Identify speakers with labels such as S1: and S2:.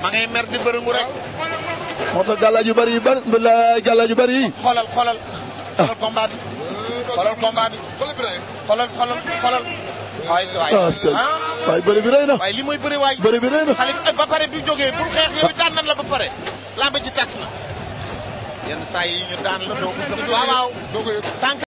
S1: ma ngay mer di bërëngu rek.
S2: moo tax gàllaaj yu bari yu bëri la gàllaaj yu bëri yi.
S1: xoolal xoolal. Ah. xoolal combat bi. xoolal combat bi. xoolal xoolal xoolal. waay waay ah, waay
S3: bëri bi na. li mooy bëri waay. bëri bi rëy na. Eh, ba pare bi jóge pour xeex yooyu ah.
S4: daan nan la ba pare. laa ba ji tàkk na. yenn saa yi ñu daan la
S5: doo ko. waaw waaw